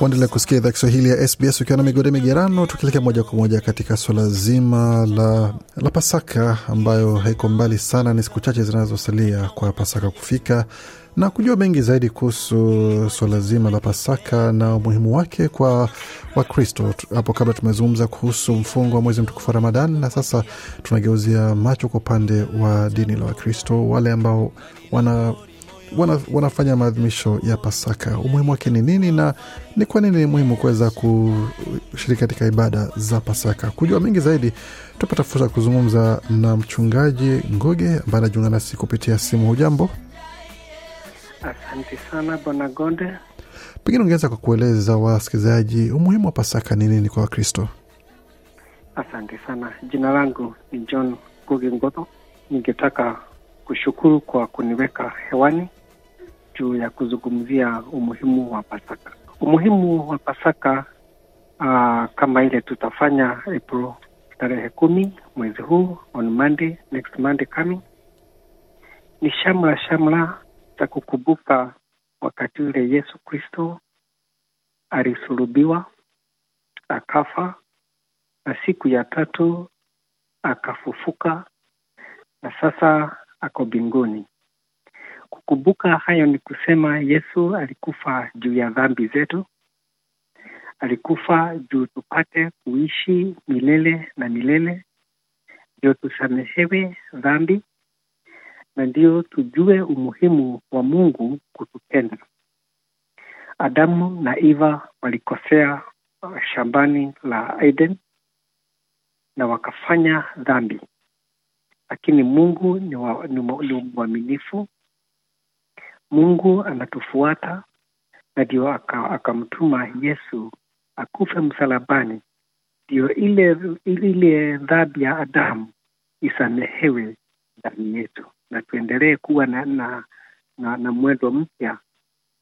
Waendelea kusikia idhaa Kiswahili ya SBS ukiwa na migode migerano, tukielekea moja kwa moja katika suala zima la, la Pasaka ambayo haiko mbali sana, ni siku chache zinazosalia kwa Pasaka kufika na kujua mengi zaidi kuhusu suala zima la Pasaka na umuhimu wake kwa Wakristo. Hapo kabla tumezungumza kuhusu mfungo wa mwezi mtukufu wa Ramadhani, na sasa tunageuzia macho kwa upande wa dini la Wakristo, wale ambao wana wana, wanafanya maadhimisho ya Pasaka, umuhimu wake ni nini na ni kwa nini ni muhimu kuweza kushiriki katika ibada za Pasaka? Kujua mengi zaidi, tupata fursa ya kuzungumza na mchungaji Ngoge ambaye anajiunga nasi kupitia simu. Hujambo? Asante sana Bwana Gonde. Pengine ungeweza kwa kueleza wasikilizaji umuhimu wa Pasaka ni nini kwa Wakristo? Asante sana. Jina langu ni John Ngugi Ngoto. Ningetaka kushukuru kwa kuniweka hewani juu ya kuzungumzia umuhimu wa Pasaka. Umuhimu wa Pasaka uh, kama ile tutafanya April tarehe kumi mwezi huu on Monday, next Monday coming, ni shamra shamra za kukumbuka wakati ule Yesu Kristo alisulubiwa akafa, na siku ya tatu akafufuka, na sasa ako binguni Kukumbuka hayo ni kusema Yesu alikufa juu ya dhambi zetu, alikufa juu tupate kuishi milele na milele, ndio tusamehewe dhambi na ndio tujue umuhimu wa Mungu kutupenda. Adamu na Eva walikosea shambani la Eden na wakafanya dhambi lakini Mungu ni, wa, ni, ni mwaminifu. Mungu anatufuata na ndio akamtuma aka Yesu akufe msalabani, ndio ile, ile, ile dhabi ya Adamu isamehewe ndani yetu, na tuendelee kuwa na, na, na, na mwendo mpya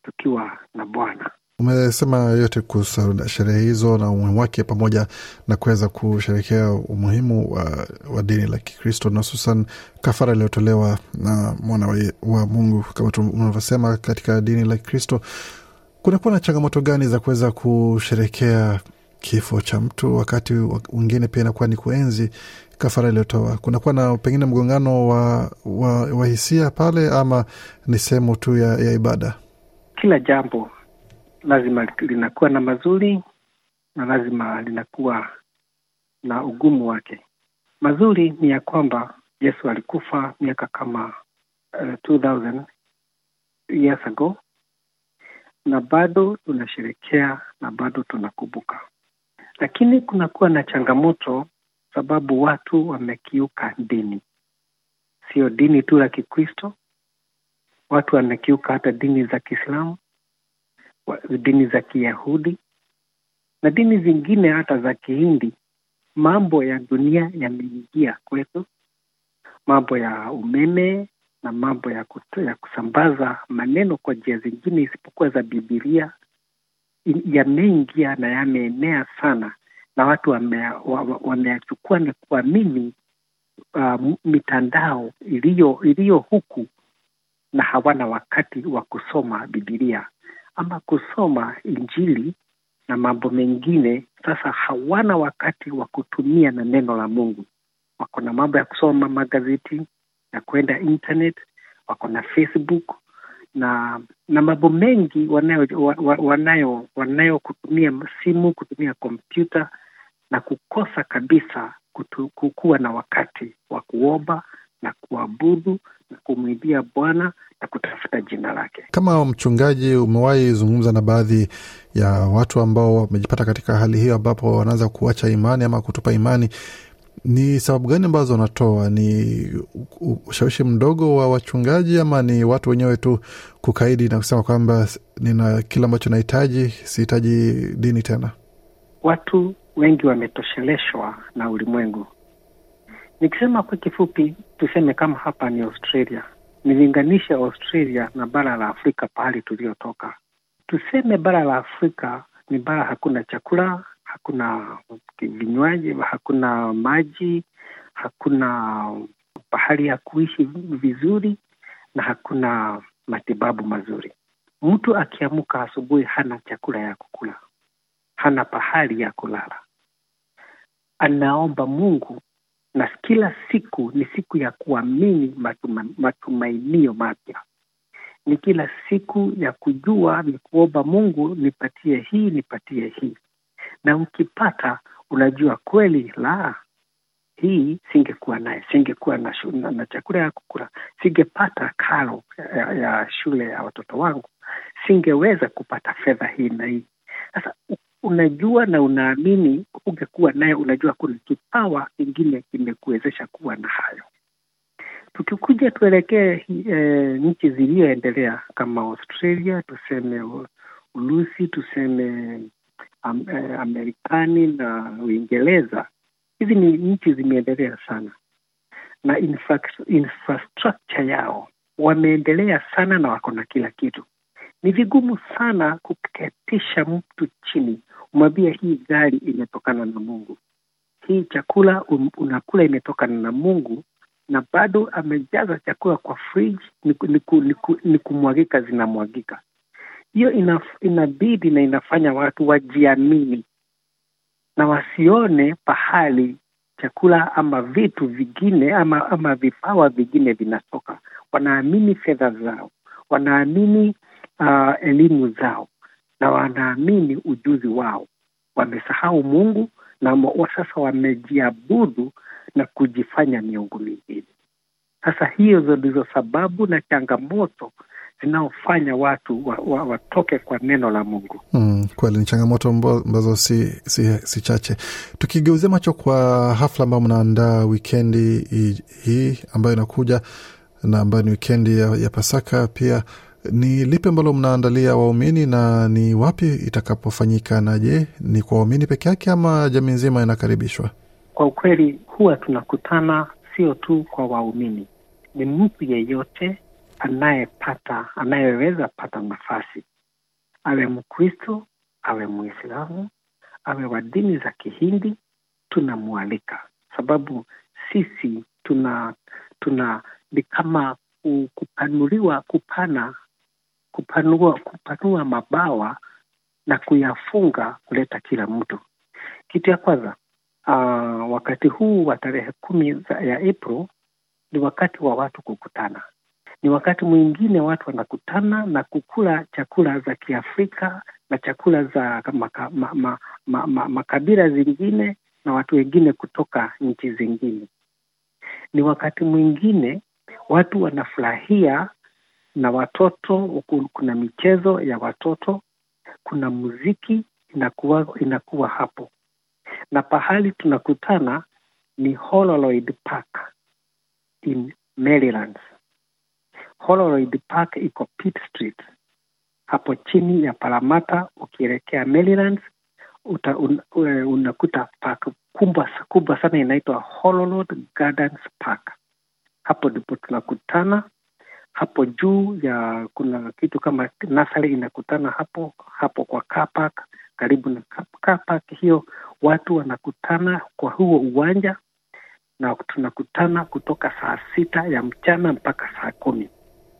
tukiwa na Bwana. Umesema yote kuhusu sherehe hizo na umuhimu wake pamoja na kuweza kusherekea umuhimu wa, wa dini la Kikristo na hususan kafara iliyotolewa na mwana wa, wa Mungu kama unavyosema katika dini la Kikristo. Kunakuwa na changamoto gani za kuweza kusherekea kifo cha mtu, wakati wengine pia inakuwa ni kuenzi kafara iliyotoa? Kunakuwa na pengine mgongano wa, wa, wa hisia pale, ama ni sehemu tu ya, ya ibada? Kila jambo lazima linakuwa na mazuri na lazima linakuwa na ugumu wake. Mazuri ni ya kwamba Yesu alikufa miaka kama uh, eh, 2000 years ago, na bado tunasherekea na bado tunakumbuka, lakini kunakuwa na changamoto sababu watu wamekiuka dini, sio dini tu la Kikristo, watu wamekiuka hata dini za Kiislamu dini za Kiyahudi na dini zingine hata za Kihindi, mambo ya dunia yameingia kwetu, mambo ya umeme na mambo ya, kutu, ya kusambaza maneno kwa njia zingine isipokuwa za Bibilia yameingia na yameenea sana, na watu wameyachukua na kuamini uh, mitandao iliyo iliyo huku na hawana wakati wa kusoma Bibilia ama kusoma Injili na mambo mengine, sasa hawana wakati wa kutumia na neno la Mungu. Wako na mambo ya kusoma magazeti na kuenda internet, wako na Facebook na na mambo mengi wanayo wanayo kutumia simu, kutumia kompyuta na kukosa kabisa kutu, kukuwa na wakati wa kuomba na kuabudu na kumwidia Bwana na kutafuta jina lake. Kama mchungaji, umewahi zungumza na baadhi ya watu ambao wamejipata katika hali hiyo, ambapo wanaanza kuacha imani ama kutupa imani ni sababu gani ambazo wanatoa? Ni ushawishi mdogo wa wachungaji ama ni watu wenyewe tu kukaidi na kusema kwamba nina kile ambacho nahitaji, sihitaji dini tena? Watu wengi wametosheleshwa na ulimwengu, Nikisema kwa kifupi, tuseme kama hapa ni Australia, nilinganisha Australia na bara la Afrika pahali tuliotoka. Tuseme bara la Afrika ni bara, hakuna chakula, hakuna vinywaji, hakuna maji, hakuna pahali ya kuishi vizuri, na hakuna matibabu mazuri. Mtu akiamuka asubuhi, hana chakula ya kukula, hana pahali ya kulala, anaomba Mungu na kila siku ni siku ya kuamini matuma, matumainio mapya. Ni kila siku ya kujua, ni kuomba Mungu, nipatie hii, nipatie hii, na ukipata unajua kweli, la hii singekuwa naye, singekuwa na, na, na chakula ya kukula, singepata karo ya, ya shule ya watoto wangu, singeweza kupata fedha hii na hii. Sasa unajua na unaamini, ungekuwa naye, unajua kuna kipawa kingine kimekuwezesha kuwa na hayo. Tukikuja tuelekee e, nchi ziliyoendelea kama Australia, tuseme Urusi, tuseme am, e, Amerikani na Uingereza, hizi ni nchi zimeendelea sana na infra infrastructure yao wameendelea sana na wako na kila kitu. Ni vigumu sana kuketisha mtu chini umwambia hii gari imetokana na Mungu, hii chakula um, unakula imetokana na Mungu, na bado amejaza chakula kwa fridge, ni, ni, ni, ni kumwagika zinamwagika. Hiyo ina, inabidi na inafanya watu wajiamini na wasione pahali chakula ama vitu vingine ama ama vipawa vingine vinatoka. Wanaamini fedha zao, wanaamini uh, elimu zao na wanaamini ujuzi wao. Wamesahau Mungu na sasa wamejiabudu na kujifanya miungu mingine. Sasa hizo ndizo sababu na changamoto zinaofanya watu wa, wa, watoke kwa neno la Mungu. Mm, kweli ni changamoto ambazo si, si, si chache. Tukigeuzia macho kwa hafla ambayo mnaandaa wikendi hii ambayo inakuja na ambayo ni wikendi ya, ya Pasaka pia ni lipi ambalo mnaandalia waumini na ni wapi itakapofanyika? Na je, ni kwa waumini peke yake ama jamii nzima inakaribishwa? Kwa ukweli, huwa tunakutana sio tu kwa waumini, ni mtu yeyote anayepata anayeweza pata nafasi, awe Mkristo, awe Mwislamu, awe wa dini za Kihindi, tunamwalika sababu sisi tuna tuna ni kama kupanuliwa kupana kupanua, kupanua mabawa na kuyafunga kuleta kila mtu. Kitu ya kwanza uh, wakati huu wa tarehe kumi ya April ni wakati wa watu kukutana, ni wakati mwingine watu wanakutana na kukula chakula za Kiafrika na chakula za maka, ma, ma, ma, ma, makabila zingine na watu wengine kutoka nchi zingine. Ni wakati mwingine watu wanafurahia na watoto, kuna michezo ya watoto, kuna muziki inakuwa, inakuwa hapo, na pahali tunakutana ni Holroyd Park in Maryland. Holroyd Park iko Pitt Street hapo chini ya Paramata ukielekea Maryland uta, un, uh, unakuta park kubwa kubwa sana inaitwa Holroyd Gardens Park. Hapo ndipo tunakutana hapo juu ya kuna kitu kama nasari inakutana hapo hapo kwa kapak, karibu na kapak hiyo, watu wanakutana kwa huo uwanja, na tunakutana kutoka saa sita ya mchana mpaka saa kumi.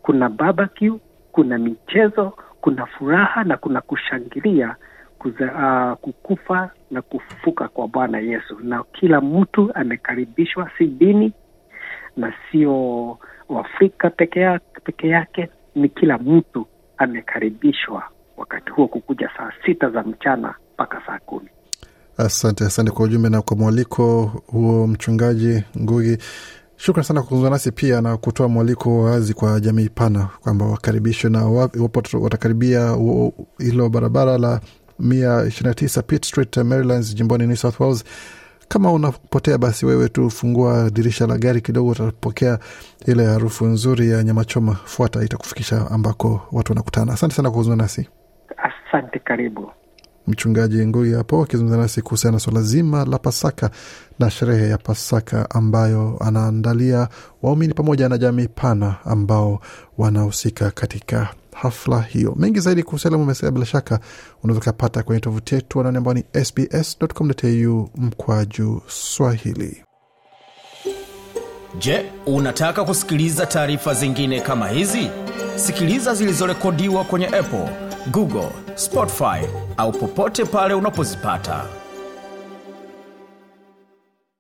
Kuna barbecue, kuna michezo, kuna furaha na kuna kushangilia kuza, uh, kukufa na kufufuka kwa Bwana Yesu, na kila mtu amekaribishwa, si dini na sio Waafrika peke yake, peke yake ni kila mtu amekaribishwa wakati huo kukuja saa sita za mchana mpaka saa kumi. Asante, asante kwa ujumbe na kwa mwaliko huo, Mchungaji Ngugi. Shukran sana kwa kuzungumza nasi pia na kutoa mwaliko wazi kwa jamii pana kwamba wakaribishwe na iwapo watakaribia hilo barabara la mia ishirini na tisa Pitt Street, Maryland, jimboni New South Wales kama unapotea basi wewe tu fungua dirisha la gari kidogo, utapokea ile harufu nzuri ya nyama choma. Fuata, itakufikisha ambako watu wanakutana. Asante sana kwa kuzungumza nasi. Asante, karibu Mchungaji Ngui hapo akizungumza nasi kuhusiana na swala zima la Pasaka na sherehe ya Pasaka ambayo anaandalia waumini pamoja na jamii pana ambao wanahusika katika hafla hiyo. Mengi zaidi kuhusu na masala bila shaka unaweza ukapata kwenye tovuti yetu anaone ambao ni sbs.com.au mkwaju Swahili. Je, unataka kusikiliza taarifa zingine kama hizi? Sikiliza zilizorekodiwa kwenye Apple, Google, Spotify au popote pale unapozipata.